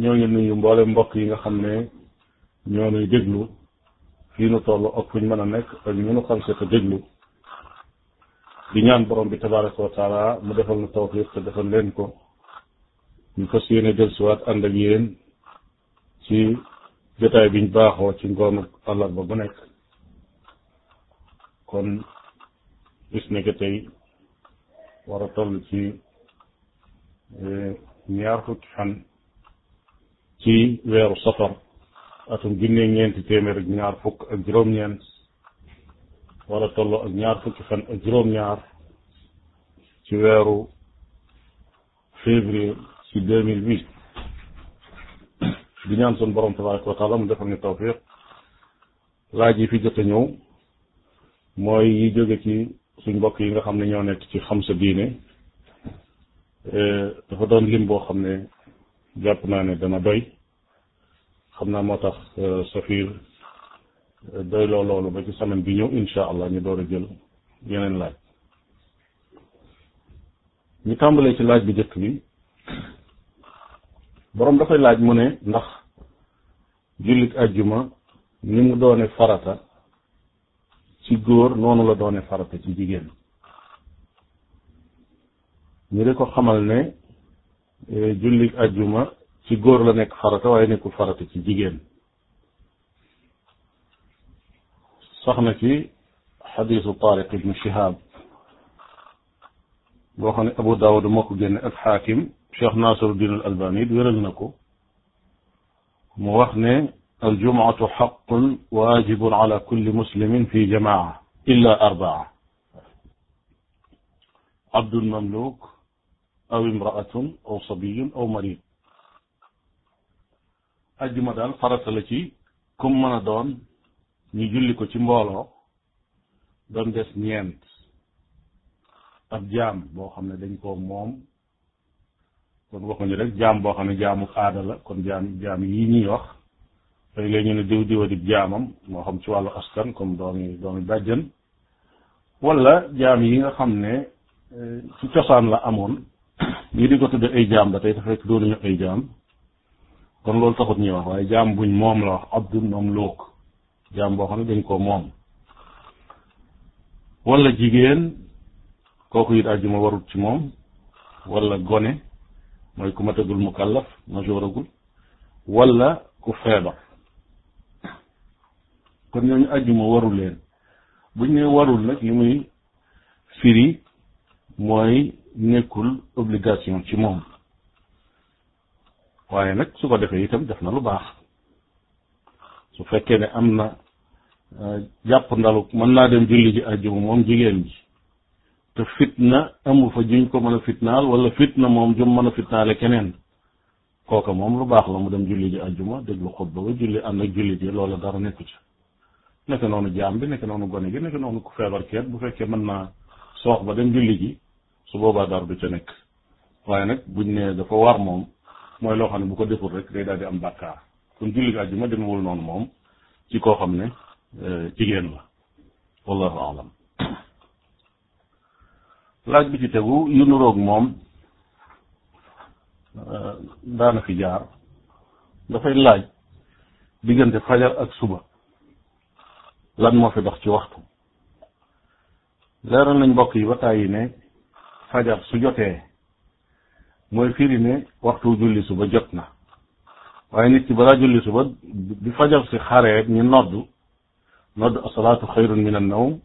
ñoo ngi nuyu mboole mbokk yi nga xam ne ñoo nuy déglu fii nu toll ak fuñ mën a nekk ak ñu nu xam seet a déglu di ñaan borom bi tabaraka wa taala mu defal nu tawfiq te defal leen ko ñu fas yéene dellusiwaat ànd ak yéen ci jotaay biñ baaxoo ci ngoonu àllarba bu nekk kon bis nekk tey war a toll ci eh, ñaar fukki fan ci weeru safar atum junne ñeenti téeméer ak ñaar fukk ak juróom-ñeent wala tolloo ak ñaar fukki fan ak juróom-ñaar ci weeru février ci deux mille huit di ñaan sun borom tabaraka wa mu defal ni tawfiq laaj yi fi jot a ñëw mooy yi jóge ci suñ mbokk yi nga xam ne ñoo nekk ci xam sa diine eh, dafa doon lim boo xam ne jàpp naa ne dana doy xam naa moo tax euh, Safir euh, doy loo loolu ba ci semaine bi ñëw insha allah ñu door a jël yeneen laaj ñu tàmbalee ci laaj bi njëkk bi boroom dafay laaj mu ne ndax jullit ajjuma ni mu doone farata ci góor noonu la doone farata ci jigéen ñu di ko xamal ne Eh, julli ajjuma ci góor la nekk farata waaye nekkul farata ci jigéen soxna ci xadiisu Taariq ibnu Shihaab boo xam ne Abu Daawud moo ko génne ak xaakim Cheikh Nasiruddin al Albani it wéral na ko mu wax ne aljumuatu xaqun waajibun ala kulli muslimin fi jamaa illa arbaa abdul mamluk aw imraatun aw sabiyun aw marid ajjuma daal farata la ci kum mën a doon ñu julli ko ci mbooloo doon des ñeent ab jaam boo xam ne dañ koo moom kon waxuñu rek jaam boo xam ne jaamu aada la kon jaam jaam yi ñuy wax léeg-léeg ñu ne diw diwa di jaamam moo xam ci wàllu askan comme doomi doomi bàjjan wala jaam yi nga xam ne eh, ci cosaan la amoon ñii di ko ay jaam ba tey te fekk doonuñu ay jaam kon loolu taxut ñuy wax waaye jaam buñ moom la wax abdu look jaam boo xam ne dañ koo moom wala jigéen kooku it ajjuma warut ci moom walla gone mooy ku matagul mukallaf majooragul wala ku feebar kon ñooñu ajjuma waru leen buñ ne warul nag li muy firi mooy nekkul obligation ci moom waaye nag su ko defee itam def na lu baax su fekkee ne am na euh, jàpp ndalu mën naa dem julli ji àjjuma moom jigéen ji te fitna amu fa juñ ko mën a fitnaal wala fitna moom jum mën a fitnaale keneen kooka moom lu baax la mu dem julli ji àjjuma déglu xutba ba julli ànd ak jullit yi loola dara nekku ci nekk noonu jaam bi nekk noonu gone gi nekk noonu ku feebar keet bu fekkee mën naa soox ba dem julli ji su boobaa dara du ca nekk waaye nag buñ ne dafa war moom mooy loo xam ne bu ko deful rek day daal di am bàkkaar kon julli àjjuma demewul noonu moom ci koo xam ne euh, jigéen la wallahu alam laaj bi ci tegu yu nuroog moom euh, daana fi jaar dafay laaj diggante fajar ak suba lan moo fi dox ci waxtu leeral nañ mbokk yi ba tàyyi ne fajar su jotee mooy firi ne waxtu julli suba jot na waaye nit ki balaa julli suba bi fajar si xaree ñu noddu noddu asalaatu xayrun min annawm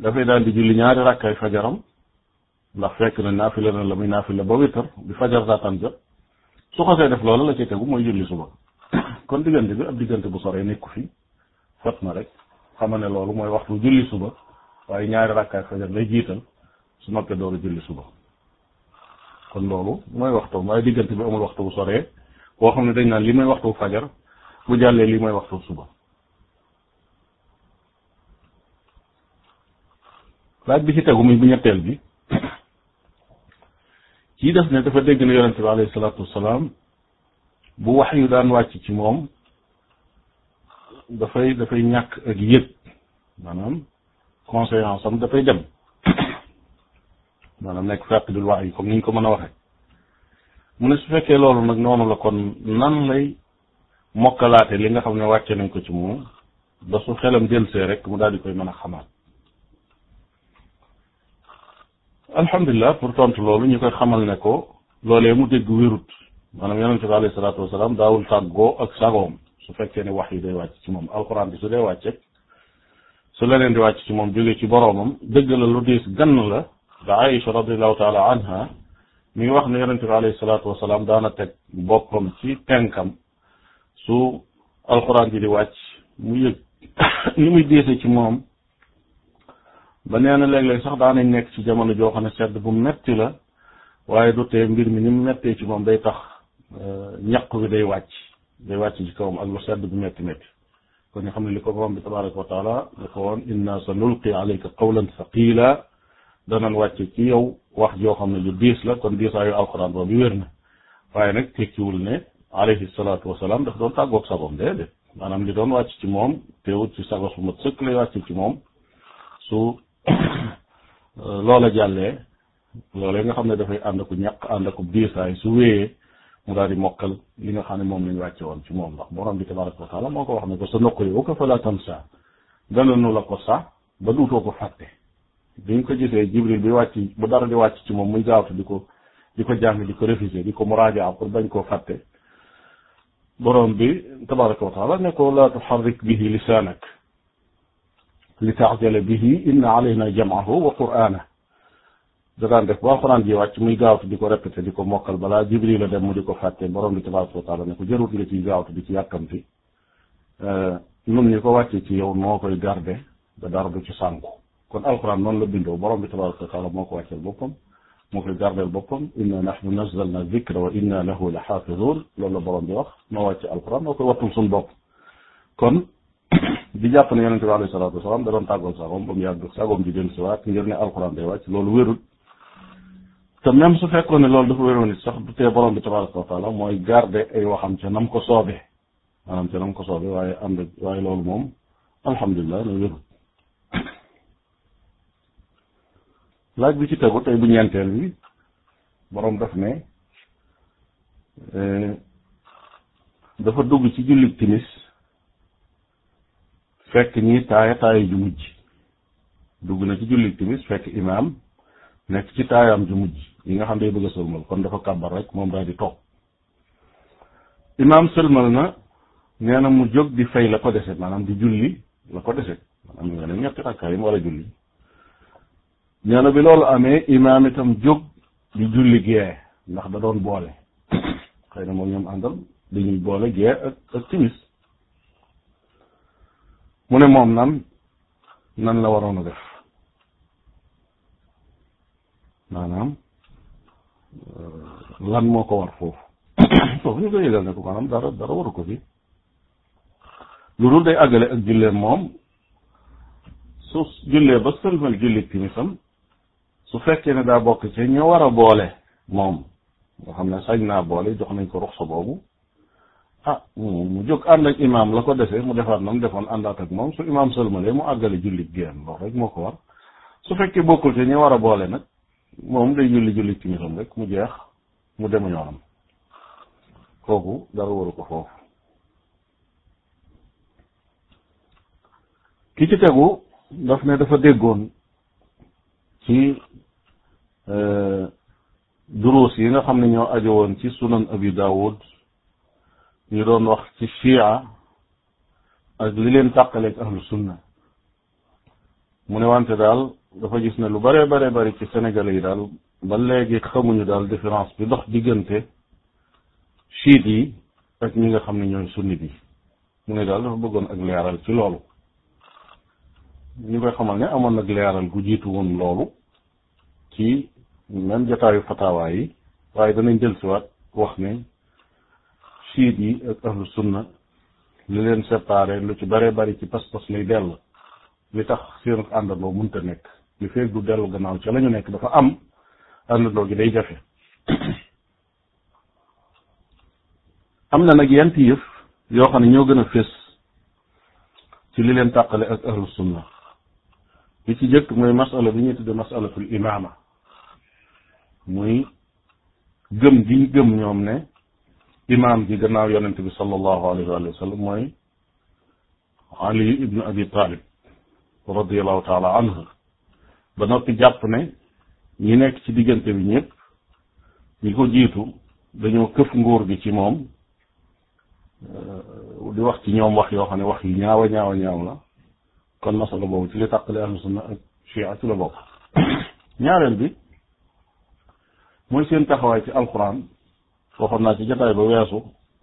dafay daal di julli ñaari rakkay fajaram ndax fekk na naafila na la muy naafila ba wittar bi fajar saataan jot su xasee def loolu la ci tegu mooy julli suba kon diggante bi ab diggante bu soree nekku fi fot na rek xama ne loolu mooy waxtu julli suba waaye ñaari rakkaay fajar lay jiital su noppee door julli suba kon loolu mooy waxtoom waaye diggante bi amul waxtu bu soree boo xam ne dañ naan lii mooy waxtu fajar bu jàllee lii mooy waxtu suba laaj bi ci tegu muy bu ñetteel bi kii def ne dafa dégg na yonente bi alayhi salaatu wasalaam bu wax yu daan wàcc ci moom dafay dafay ñàkk ak yëg maanaam conseillance am dafay dem maanaam nekk fàqidul wax yi comme ni ñu ko mën a waxee mu ne su fekkee loolu nag noonu la kon nan lay mokkalaate li nga xam ne wàcce nañ ko ci moom ba su xelam delsee rek mu daal di koy mën a xamaat alhamdulilah pour tontu loolu ñu koy xamal ne ko loolee mu dégg wérut maanaam yonente bi alayhi salaatu wasalaam daawul tàggoo ak sagoom su fekkee ne wax yi day wàcc ci moom alxuraan bi su dee wàcce su leneen di wàcc ci moom jógee ci boroomam dëgg la lu diis gann la ba Aïcha radiallahu taala anha mi wax ne yonente bi alayhi daana teg boppam ci tenkam su alxuraan ji di wàcc mu yëg ni muy diise ci moom ba nee na léeg-léeg sax daanañ nekk ci jamono joo xam sedd bu metti la waaye du tee mbir mi ni mu ci moom day tax euh, ñaq bi day wàcc day wàcc ci kawam ak lu sedd bu metti metti kon ñu ne li ko borom bi tabaraka wa taala da ko woon inna sa nulqi alayka qawlan thaqila danañ wàcce ci yow wax joo xam ne lu diis la kon diisaayu alxuraan boobu wér na waaye nag tekkiwul ne alayhi salaatu wasalaam daf doon tàggoog sagoom déedéet maanaam li doon wàcc ci moom teewut ci sagos bu ma sëkk lay wàcc ci moom su loola jàllee loolee nga xam ne dafay ànd ku ñàkk ànd ku diisaay su wéyee mu daal di mokkal li nga xam ne moom lañ wàcce woon ci moom ndax borom bi tabaraka wa taala moo ko wax ne ko sa nokk yow ko fa saa tansa dana nu biñ ko gisee jibril bi wàcc bu dara di wàcc ci moom muy gaawtu di ko di ko jàng di ko réviser di ko muraaja pour bañ koo fàtte boroom bi tabaraka wa taala ne ko laa tuxarrik bihi lisaanak li taajala bihi inna alayna jamaahu wa quraana da daan def ba alxuraan ji wàcc muy gaawtu di ko répété di ko mokkal balaa jibril la dem mu di ko fàtte borom bi tabaraka wa taala ne ko jarut nga ciy gaawtu di ci yàkkamti euh, nun ñi ko wàcce ci yow noo koy garde ba dara du ci sànku kon alquran noonu la bindoo borom bi tabaraka wa taala moo ko wàcceel boppam moo koy gardeel boppam inna nahnu nazzalna dikra wa inna lahu la xaafidun loolu la borom bi wax noo wàcce alquran noo koy wattul suñu bopp kon di jàpp ne yonente bi alayhi salaatu wasalaam da doon tàggoon sagoom ba mu yàgg sagoom di dellu si waat ngir ne alquran day wàcc loolu wérul te même su fekkoon ne loolu dafa wéroon it sax du tee borom bi tabaraka wa mooy garde ay waxam ca nam ko soobe maanaam ca nam ko soobe waaye am waaye loolu moom alhamdulilah na laaj bi ci tegu tey bu ñeenteel bi boroom daf ne eh, dafa dugg ci julli timis fekk ñi taaya taaya ju dugg na ci jullit timis nekk ci taayaam ju yi nga xam day bëgg a sëlmal kon dafa kàbbar rek moom daa di toog imaam sëlmal na nee na mu jóg di fay la ko dese maanaam di julli la ko dese maanaam nga ne ñetti rakkaay yi mu war a julli nee bi loolu amee imaam itam jóg di julli gee ndax da doon boole xëy na moom ñoom àndal dañuy boole gee ak ak timis mu ne moom nan nan la waroon a def maanaam euh, lan moo ko war foofu foofu ñu ko yëgal ne ko maanaam dara dara waru ko fi lu dul day àggale ak jullee moom su jullee ba sëlmal julli timisam su fekkee ne daa bokk ci ñoo war a boole moom nga xam ne sañ naa boole jox nañ ko sa boobu ah mu jóg ànd ak imaam la ko defee mu defaat na mu defoon àndaat ak moom su imaam sëlmalee mu àggale jullit génn loolu rek moo ko war su fekkee bokkul ci ñi war a boole nag moom day julli jullit ci misam rek mu jeex mu dem yoonam kooku dara waru ko foofu ki ci tegu daf ne dafa déggoon ci Euh, duruus yi nga xam ne ñoo ajo woon ci sunan abi daawud ñu doon wax ci chia ak li leen tàqaleeg ahlu sunna mu ne wante daal dafa gis ne lu bare bare bari ci sénégalais yi daal ba léegi xamuñu daal différence bi ndox diggante chiit yi ak ñi nga xam ne ñooy sunnit yi mu ne daal dafa bëggoon ak leeral ci loolu ñu koy xamal ne amoon nag leeral gu jiitu woon loolu ci même jotaayu fatawaa yi waaye danañ dellusiwaat wax ne siit yi ak ahlu sunna li leen séparé lu ci bëree bëri ci pas-pas lay dell li tax seen àndandoo mënta nekk li feeg du dellu gannaaw ca la ñu nekk dafa am àndandoo gi day jafe am na nag yent yëf yoo xam ne ñoo gën a fés ci li leen tàqale ak ahlu sunna li ci jëkk mooy masala bi ñuy tudde masalatul imaama muy gëm gi ñu gëm ñoom ne imaam ji gannaaw yonent bi sallallahu alayhi wa sallam mooy ali ibnu abi talib radiallahu taala anhu ba noppi jàpp ne ñi nekk ci diggante bi ñëpp ñi ko jiitu dañoo këf nguur gi ci moom di wax ci ñoom wax yoo xam ne wax yu ñaawa ñaawa ñaaw la kon masala boobu ci li tàqale ahlu sunna ak chia ci la bokk ñaareel bi mooy seen taxawaay ci alxuraan waxoon naa ci jotaay ba weesu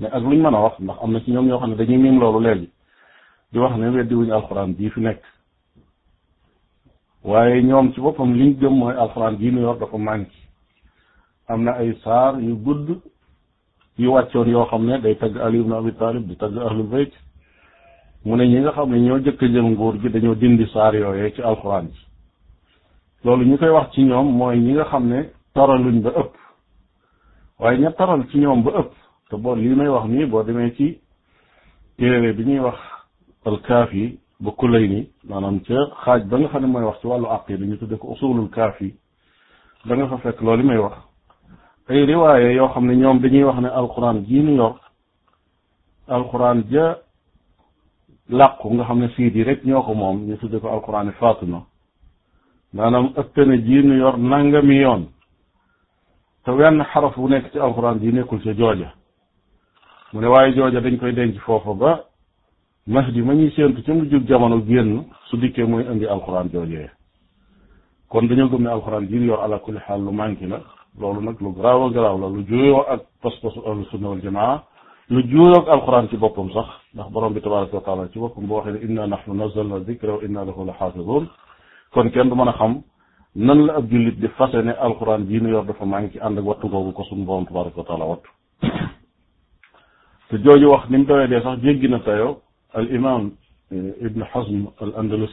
mais ak luñ mën a wax ndax am na ci ñoom ñoo xam ne dañuy miim loolu léegi di wax ne weddi wuñu alxuraan bii fi nekk waaye ñoom ci boppam liñ gëm mooy alxuraan bii nu yor dafa mànk am na ay saar yu gudd yu wàccoon yoo xam ne day tagg Ali ibn Abi Talib di tagg ahlul bayt mu ne ñi nga xam ne ñoo jëkk jël nguur gi dañoo di saar yooyee ci alxuraan ji loolu ñu koy wax ci ñoom mooy ñi nga xam ne taraluñ ba ëpp waaye ña taral ci ñoom ba ëpp te boo lii may wax nii boo demee ci téere bi ñuy wax alkaafi ba kulay ni maanaam ca xaaj ba nga xam ne mooy wax ci wàllu àq yi dañu tudde ko usulul kaafi da nga fa fekk loolu may wax ay riwaaye yoo xam ne ñoom dañuy wax ne alxuraan jii ñu alxuraan ja làqu nga xam ne siid yi rek ñoo ko moom ñu tudde ko alxuraani fatima maanaam ëpp na jii ñu yor nangami yoon te wenn xaraf bu nekk ci alxuraan ji nekkul ca jooja mu ne waaye jooja dañ koy denc foofa ba ma mahdi ma ñuy séentu ca mu jub jamono génn su dikkee mooy indi alxuraan joojee kon dañoo gëm ne alxuraan ji yor ala kulli xaal lu manqué la loolu nag lu garaaw a la lu juyoo ak pas-pasu ahlu sunna jamaa lu juyoo ak alxuraan ci boppam sax ndax borom bi tabaraka wa taala ci boppam boo waxee ne inna nahnu nazzalna dikra wa inna lahu la xaafidun kon kenn du mën a xam nan la ab jullit di fase ne alxuraan bii nu yor dafa manqué ànd ak wattu googu ko suñu borom tabaraka wa taala wattu te jooju wax ni mu doyee dee sax jéggi na tayo al imam eh, ibn Hazm al andalus